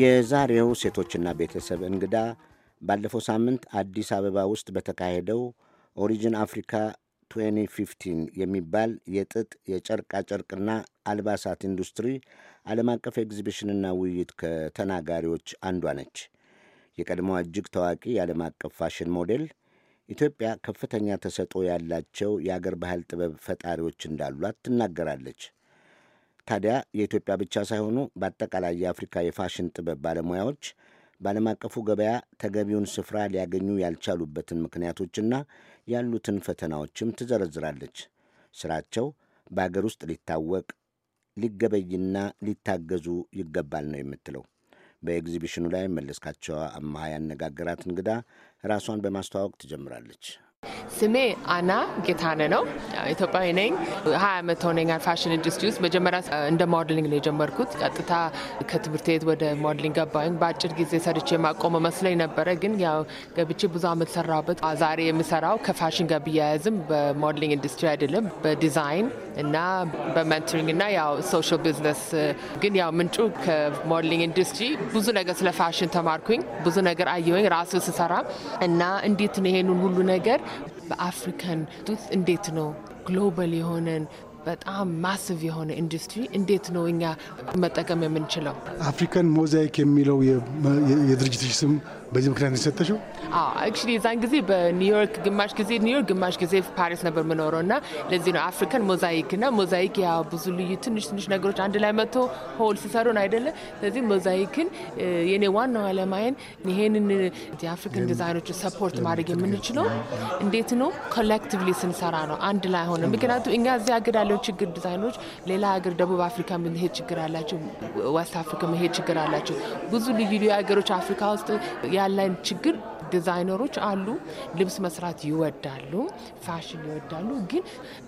የዛሬው ሴቶችና ቤተሰብ እንግዳ ባለፈው ሳምንት አዲስ አበባ ውስጥ በተካሄደው ኦሪጂን አፍሪካ 2015 የሚባል የጥጥ የጨርቃጨርቅና አልባሳት ኢንዱስትሪ ዓለም አቀፍ ኤግዚቢሽንና ውይይት ከተናጋሪዎች አንዷ ነች። የቀድሞዋ እጅግ ታዋቂ የዓለም አቀፍ ፋሽን ሞዴል ኢትዮጵያ ከፍተኛ ተሰጥኦ ያላቸው የአገር ባህል ጥበብ ፈጣሪዎች እንዳሏት ትናገራለች። ታዲያ የኢትዮጵያ ብቻ ሳይሆኑ በአጠቃላይ የአፍሪካ የፋሽን ጥበብ ባለሙያዎች በዓለም አቀፉ ገበያ ተገቢውን ስፍራ ሊያገኙ ያልቻሉበትን ምክንያቶችና ያሉትን ፈተናዎችም ትዘረዝራለች። ስራቸው በአገር ውስጥ ሊታወቅ ሊገበይና ሊታገዙ ይገባል ነው የምትለው። በኤግዚቢሽኑ ላይ መለስካቸው አማሃ ያነጋገራት እንግዳ ራሷን በማስተዋወቅ ትጀምራለች። ስሜ አና ጌታነ ነው። ኢትዮጵያዊ ነኝ። ሀያ ዓመት ሆነኛል ፋሽን ኢንዱስትሪ ውስጥ። መጀመሪያ እንደ ሞዴሊንግ ነው የጀመርኩት። ቀጥታ ከትምህርት ቤት ወደ ሞዴሊንግ ገባኝ። በአጭር ጊዜ ሰርቼ የማቆመ መስለኝ ነበረ፣ ግን ያው ገብቼ ብዙ ዓመት ሰራሁበት። ዛሬ የምሰራው ከፋሽን ጋር ብያያዝም በሞዴሊንግ ኢንዱስትሪ አይደለም፣ በዲዛይን እና በመንትሪንግ እና ያው ሶሻል ቢዝነስ። ግን ያው ምንጩ ከሞዴሊንግ ኢንዱስትሪ ብዙ ነገር ስለ ፋሽን ተማርኩኝ፣ ብዙ ነገር አየሁኝ ራሱ ስሰራ እና እንዴት ነው ይሄንን ሁሉ ነገር በአፍሪካን ውስጥ እንዴት ነው ግሎባል የሆነን በጣም ማስቭ የሆነ ኢንዱስትሪ እንዴት ነው እኛ መጠቀም የምንችለው? አፍሪካን ሞዛይክ የሚለው የድርጅቶች ስም በዚህ ምክንያት የተሰጠሽው? አክቹዋሊ የዛን ጊዜ በኒውዮርክ ግማሽ ጊዜ ኒውዮርክ ግማሽ ጊዜ ፓሪስ ነበር የምኖረው እና ለዚህ ነው አፍሪካን ሞዛይክ እና ሞዛይክ ያ ብዙ ልዩ ትንሽ ትንሽ ነገሮች አንድ ላይ መጥቶ ሆል ሲሰሩን አይደለ። ስለዚህ ሞዛይክን የኔ ዋናው አለማየን ይሄንን የአፍሪካን ዲዛይኖች ሰፖርት ማድረግ የምንችለው እንዴት ነው ኮሌክቲቭሊ ስንሰራ ነው፣ አንድ ላይ ሆነ። ምክንያቱም እኛ እዚህ ሀገር ያለው ችግር ዲዛይኖች ሌላ ሀገር ደቡብ አፍሪካ ምንሄድ ችግር አላቸው፣ ዌስት አፍሪካ ይሄ ችግር አላቸው። ብዙ ልዩ ልዩ ሀገሮች አፍሪካ ውስጥ ያለን ችግር ዲዛይነሮች አሉ። ልብስ መስራት ይወዳሉ፣ ፋሽን ይወዳሉ። ግን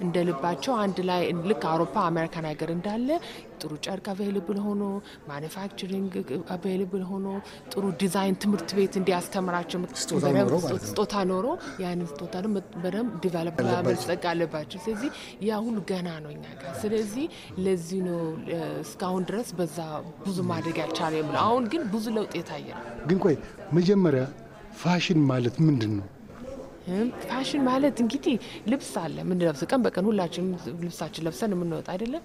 እንደ ልባቸው አንድ ላይ ልክ አውሮፓ አሜሪካን ሀገር እንዳለ ጥሩ ጨርቅ አቬይልብል ሆኖ ማኒፋክቸሪንግ አቬይልብል ሆኖ ጥሩ ዲዛይን ትምህርት ቤት እንዲያስተምራቸው ስጦታ ኖሮ ያንን ስጦታ በደንብ ዲቨሎፕ መልጸቅ አለባቸው። ስለዚህ ያ ሁሉ ገና ነው እኛ ጋር። ስለዚህ ለዚህ ነው እስካሁን ድረስ በዛ ብዙ ማድረግ ያልቻለ የምለው። አሁን ግን ብዙ ለውጥ የታየ ነው። ግን ቆይ መጀመሪያ ፋሽን ማለት ምንድን ነው? ፋሽን ማለት እንግዲህ ልብስ አለ ምንለብስ ቀን በቀን ሁላችንም ልብሳችን ለብሰን የምንወጣ አይደለም።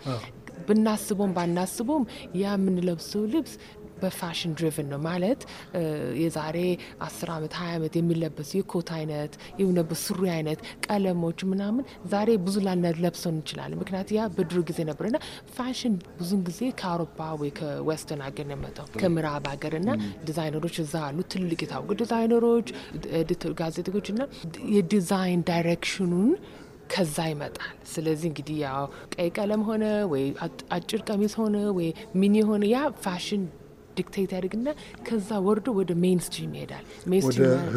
ብናስቦም ባናስቦም ያ የምንለብሰው ልብስ በፋሽን ድሪቭን ነው ማለት የዛሬ አስር ዓመት ሀያ ዓመት የሚለበሱ የኮት አይነት የሚለበሱ ሱሪ አይነት ቀለሞች ምናምን ዛሬ ብዙ ለብሰን እንችላለን። ምክንያቱ ያ በድሮ ጊዜ ነበር ነበርና ፋሽን ብዙን ጊዜ ከአውሮፓ ወይ ከዌስተን ሀገር ነው የመጣው ከምዕራብ ሀገር ሀገርና ዲዛይነሮች እዛ አሉ ትልልቅ የታወቁ ዲዛይነሮች፣ ጋዜጠኞች እና የዲዛይን ዳይሬክሽኑን ከዛ ይመጣል። ስለዚህ እንግዲህ ያው ቀይ ቀለም ሆነ ወይ አጭር ቀሚስ ሆነ ወይ ሚኒ ሆነ ያ ፋሽን ዲክቴት ያደርግና ከዛ ወርዶ ወደ ሜንስትሪም ይሄዳል።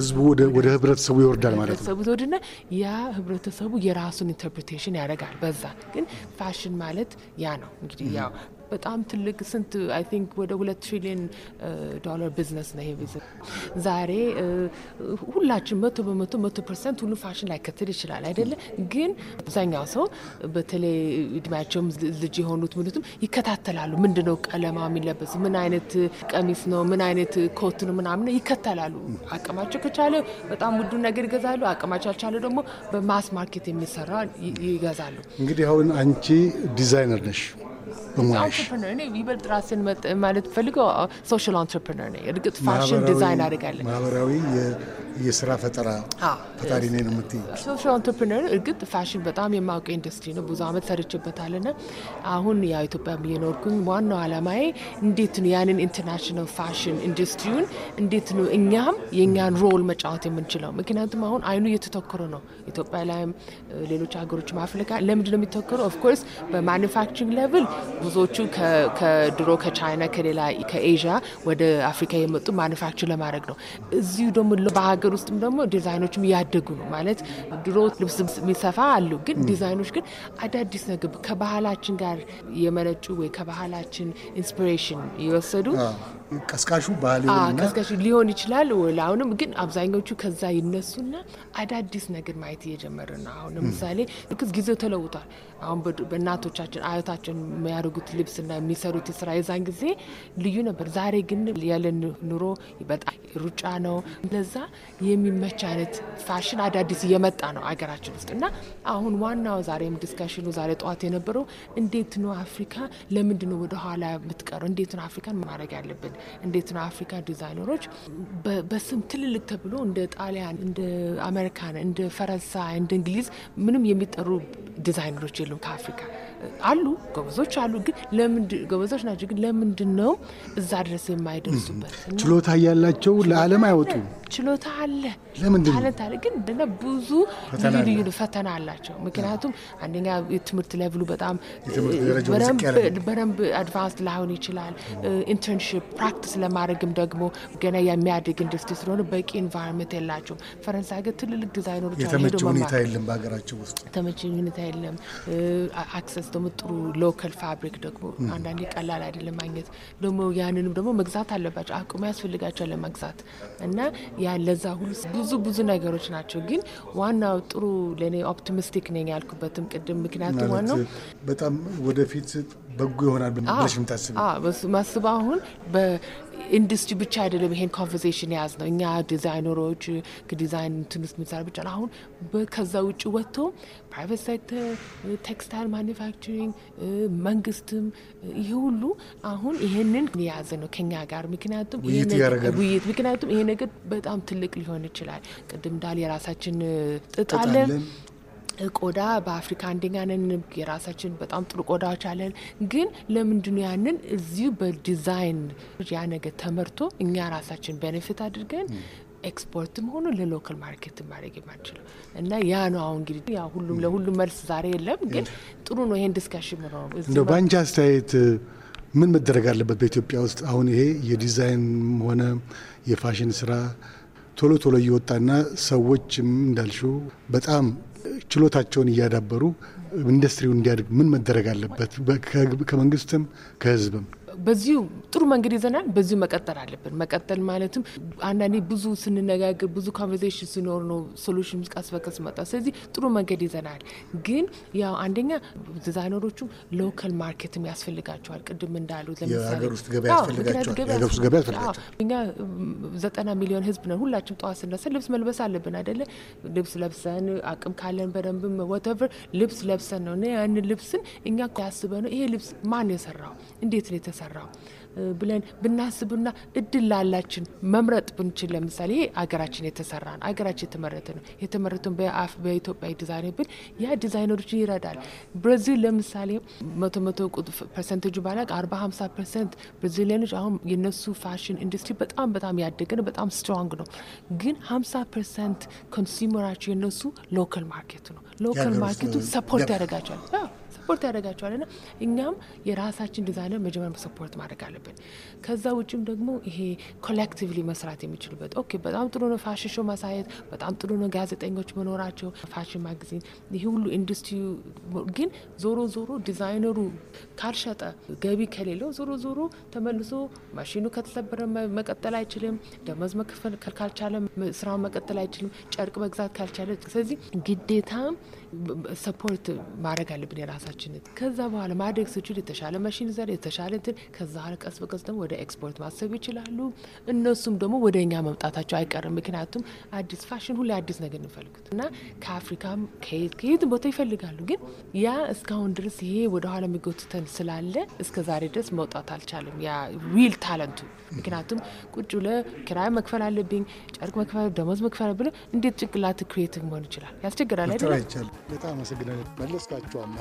ህዝቡ ወደ ህብረተሰቡ ይወርዳል ማለት ነው። ህብረተሰቡ ያ ህብረተሰቡ የራሱን ኢንተርፕሬቴሽን ያደርጋል። በዛ ግን ፋሽን ማለት ያ ነው እንግዲህ ያው በጣም ትልቅ ስንት አይ ቲንክ ወደ ሁለት ትሪሊዮን ዶላር ቢዝነስ ነው ይሄ ቢዝነስ። ዛሬ ሁላችን መቶ በመቶ መቶ ፐርሰንት ሁሉ ፋሽን ላይ ይችላል አይደለ? ግን አብዛኛው ሰው በተለይ እድሜያቸውም ልጅ የሆኑት ምሉትም ይከታተላሉ። ምንድነው ቀለማ የሚለበስ ምን አይነት ቀሚስ ነው ምን አይነት ኮት ነው ምናምን ይከተላሉ። አቅማቸው ከቻለ በጣም ውዱን ነገር ይገዛሉ። አቅማቸው ያልቻለ ደግሞ በማስ ማርኬት የሚሰራ ይገዛሉ። እንግዲህ አሁን አንቺ ዲዛይነር ነሽ በሙያሽ ይበልጥ ራሴን ማለት ፈልገው ሶሻል አንትርፕረነር ነኝ። እርግጥ ፋሽን ዲዛይን አድርጋለን ማህበራዊ የስራ ፈጠራ ፈጣሪ ነ ነው ምት ሶሻል አንትርፕነር እርግጥ ፋሽን በጣም የማውቀ ኢንዱስትሪ ነው። ብዙ አመት ና አሁን ያ ኢትዮጵያ እየኖርኩኝ ዋናው አላማዬ እንዴት ነው ያንን ኢንተርናሽናል ፋሽን ኢንዱስትሪውን እንዴት ነው እኛም የእኛን ሮል መጫወት የምንችለው? ምክንያቱም አሁን አይኑ እየተተኮረ ነው ኢትዮጵያ ላይም ሌሎች ሀገሮች አፍሪካ ለምንድን ነው የሚተኮረው? ኦፍኮርስ በማኒፋክቸሪንግ ሌቭል ብዙዎቹ ከድሮ ከቻይና ከሌላ ከኤዥያ ወደ አፍሪካ የመጡ ማኒፋክቸር ለማድረግ ነው። እዚሁ ደግሞ በሀገር ሀገር ውስጥም ደግሞ ዲዛይኖችም እያደጉ ነው። ማለት ድሮ ልብስ የሚሰፋ አሉ፣ ግን ዲዛይኖች ግን አዳዲስ ነገር ከባህላችን ጋር የመነጩ ወይ ከባህላችን ኢንስፒሬሽን የወሰዱ ቀስቃሹ ባህል ቀስቃሹ ሊሆን ይችላል። አሁንም ግን አብዛኞቹ ከዛ ይነሱና አዳዲስ ነገር ማየት እየጀመረ ነው። አሁን ለምሳሌ ልክስ ጊዜው ተለውጧል። አሁን በእናቶቻችን አያታችን የሚያደርጉት ልብስና የሚሰሩት ስራ የዛን ጊዜ ልዩ ነበር። ዛሬ ግን ያለን ኑሮ በጣም ሩጫ ነው ለዛ የሚመች አይነት ፋሽን አዳዲስ እየመጣ ነው አገራችን ውስጥ እና አሁን ዋናው ዛሬም ዲስካሽኑ ዛሬ ጠዋት የነበረው እንዴት ነው አፍሪካ ለምንድን ነው ወደኋላ የምትቀረው? እንዴት ነው አፍሪካን ማድረግ ያለብን? እንዴት ነው አፍሪካ ዲዛይነሮች በስም ትልልቅ ተብሎ እንደ ጣሊያን፣ እንደ አሜሪካን፣ እንደ ፈረንሳይ፣ እንደ እንግሊዝ ምንም የሚጠሩ ዲዛይነሮች የሉም ከአፍሪካ አሉ ጎበዞች አሉ፣ ግን ጎበዞች ናቸው፣ ግን ለምንድን ነው እዛ ድረስ የማይደርሱበት? ችሎታ እያላቸው ለዓለም አይወጡ ችሎታ አለ ታለንት አለ። ግን እንደ ብዙ ልዩ ልዩ ፈተና አላቸው። ምክንያቱም አንደኛ የትምህርት ሌቭሉ በጣም በደንብ አድቫንስድ ላይሆን ይችላል። ኢንተርንሽፕ ፕራክቲስ ለማድረግም ደግሞ ገና የሚያድግ ኢንዱስትሪ ስለሆነ በቂ ኢንቫይሮንመንት የላቸውም። ፈረንሳይ ግን ትልልቅ ዲዛይነሮች የተመቸ ሁኔታ የለም፣ በሀገራቸው ውስጥ የተመቸ ሁኔታ የለም። አክሰስ ደግሞ ጥሩ ሎካል ፋብሪክ ደግሞ አንዳንዴ ቀላል አይደለም ማግኘት። ደግሞ ያንንም ደግሞ መግዛት አለባቸው፣ አቅሙ ያስፈልጋቸዋል ለመግዛት እና ያ ለዛ አሁን ብዙ ብዙ ነገሮች ናቸው። ግን ዋናው ጥሩ ለእኔ ኦፕቲሚስቲክ ነኝ ያልኩበትም ቅድም ምክንያቱም ዋናው በጣም ወደፊት በጎ ይሆናል ብለሽ የምታስብ ማስብ አሁን ኢንዱስትሪ ብቻ አይደለም ይሄን ኮንቨርሴሽን የያዝ ነው። እኛ ዲዛይነሮች ከዲዛይን እንትን ምሳር ብቻ ነው። አሁን ከዛ ውጭ ወጥቶ ፕራይቬት ሴክተር፣ ቴክስታይል ማኒፋክቸሪንግ፣ መንግስትም ይሄ ሁሉ አሁን ይሄንን የያዘ ነው ከኛ ጋር ምክንያቱም ውይይት ምክንያቱም ይሄ ነገር በጣም ትልቅ ሊሆን ይችላል። ቅድም ዳል የራሳችን ጥጣለን ቆዳ በአፍሪካ አንደኛ ነን። የራሳችን በጣም ጥሩ ቆዳዎች አለን። ግን ለምንድነው ያንን እዚሁ በዲዛይን ያ ነገር ተመርቶ እኛ ራሳችን ቤኔፊት አድርገን ኤክስፖርትም ሆኖ ለሎካል ማርኬት ማድረግ የማንችለው እና ያ ነው። አሁን እንግዲህ ያ ሁሉም ለሁሉም መልስ ዛሬ የለም፣ ግን ጥሩ ነው ይሄን ዲስካሽን ነው። እንደው በአንቺ አስተያየት ምን መደረግ አለበት በኢትዮጵያ ውስጥ አሁን ይሄ የዲዛይን ሆነ የፋሽን ስራ ቶሎ ቶሎ እየወጣና ሰዎች እንዳልሽው በጣም ችሎታቸውን እያዳበሩ ኢንዱስትሪው እንዲያድግ ምን መደረግ አለበት? ከመንግስትም ከህዝብም በዚሁ ጥሩ መንገድ ይዘናል። በዚሁ መቀጠል አለብን። መቀጠል ማለትም አንዳንዴ ብዙ ስንነጋገር ብዙ ኮንቨርሴሽን ሲኖር ነው ሶሉሽን ቀስ በቀስ መጣ። ስለዚህ ጥሩ መንገድ ይዘናል። ግን ያው አንደኛ ዲዛይነሮቹም ሎካል ማርኬትም ያስፈልጋቸዋል። ቅድም እንዳሉ ለምሳሌ እኛ ዘጠና ሚሊዮን ህዝብ ነን። ሁላችን ጠዋት ስነሳ ልብስ መልበስ አለብን አይደለ? ልብስ ለብሰን አቅም ካለን በደንብም ወተቨር ልብስ ለብሰን ነው ያንን ልብስን እኛ ያስበ ነው ይሄ ልብስ ማን የሰራው እንዴት ነው የተሰራ የሚሰራው ብለን ብናስብና እድል ላላችን መምረጥ ብንችል ለምሳሌ ይሄ አገራችን የተሰራ ነው፣ አገራችን የተመረተ ነው፣ የተመረተን በአፍ በኢትዮጵያ ዲዛይን ብን ያ ዲዛይነሮች ይረዳል። ብራዚል ለምሳሌ መቶ መቶ ፐርሰንቴጁ ባላቅ አርባ ሀምሳ ፐርሰንት ብራዚሊያኖች አሁን የነሱ ፋሽን ኢንዱስትሪ በጣም በጣም ያደገ ነው፣ በጣም ስትሮንግ ነው። ግን ሀምሳ ፐርሰንት ኮንሱመራቸው የነሱ ሎካል ማርኬቱ ነው። ሎካል ማርኬቱ ሰፖርት ያደርጋቸዋል። ሰፖርት ያደርጋቸዋል ና እኛም የራሳችን ዲዛይነር መጀመሪያ ሰፖርት ማድረግ አለብን። ከዛ ውጭም ደግሞ ይሄ ኮሌክቲቭሊ መስራት የሚችሉበት ኦኬ፣ በጣም ጥሩ ነው ፋሽን ሾ ማሳየት፣ በጣም ጥሩ ነው ጋዜጠኞች መኖራቸው፣ ፋሽን ማግዚን፣ ይሄ ሁሉ ኢንዱስትሪ ግን ዞሮ ዞሮ ዲዛይነሩ ካልሸጠ ገቢ ከሌለው ዞሮ ዞሮ ተመልሶ ማሽኑ ከተሰበረ መቀጠል አይችልም። ደመወዝ መክፈል ካልቻለ ስራውን መቀጠል አይችልም። ጨርቅ መግዛት ካልቻለ ስለዚህ ግዴታ ሰፖርት ማድረግ አለብን የራሳችን ነገሮችን ከዛ በኋላ ማደግ ስችል የተሻለ መሽን ዘር የተሻለ እንትን ከዛ ኋላ ቀስ በቀስ ደግሞ ወደ ኤክስፖርት ማሰብ ይችላሉ። እነሱም ደግሞ ወደ እኛ መምጣታቸው አይቀርም። ምክንያቱም አዲስ ፋሽን ሁሌ አዲስ ነገር እንፈልጉት እና ከአፍሪካም ከየት ቦታ ይፈልጋሉ። ግን ያ እስካሁን ድረስ ይሄ ወደኋላ የሚጎትተን ስላለ እስከ ዛሬ ድረስ መውጣት አልቻለም። ያ ዊል ታለንቱ ምክንያቱም ቁጭ ብለ ኪራይ መክፈል አለብኝ ጨርቅ መክፈል ደሞዝ መክፈል ብለ እንዴት ጭንቅላት ክሬቲቭ መሆን ይችላል? ያስቸግራል አይደለም። በጣም አመሰግናለሁ መለስካቸው አምሃ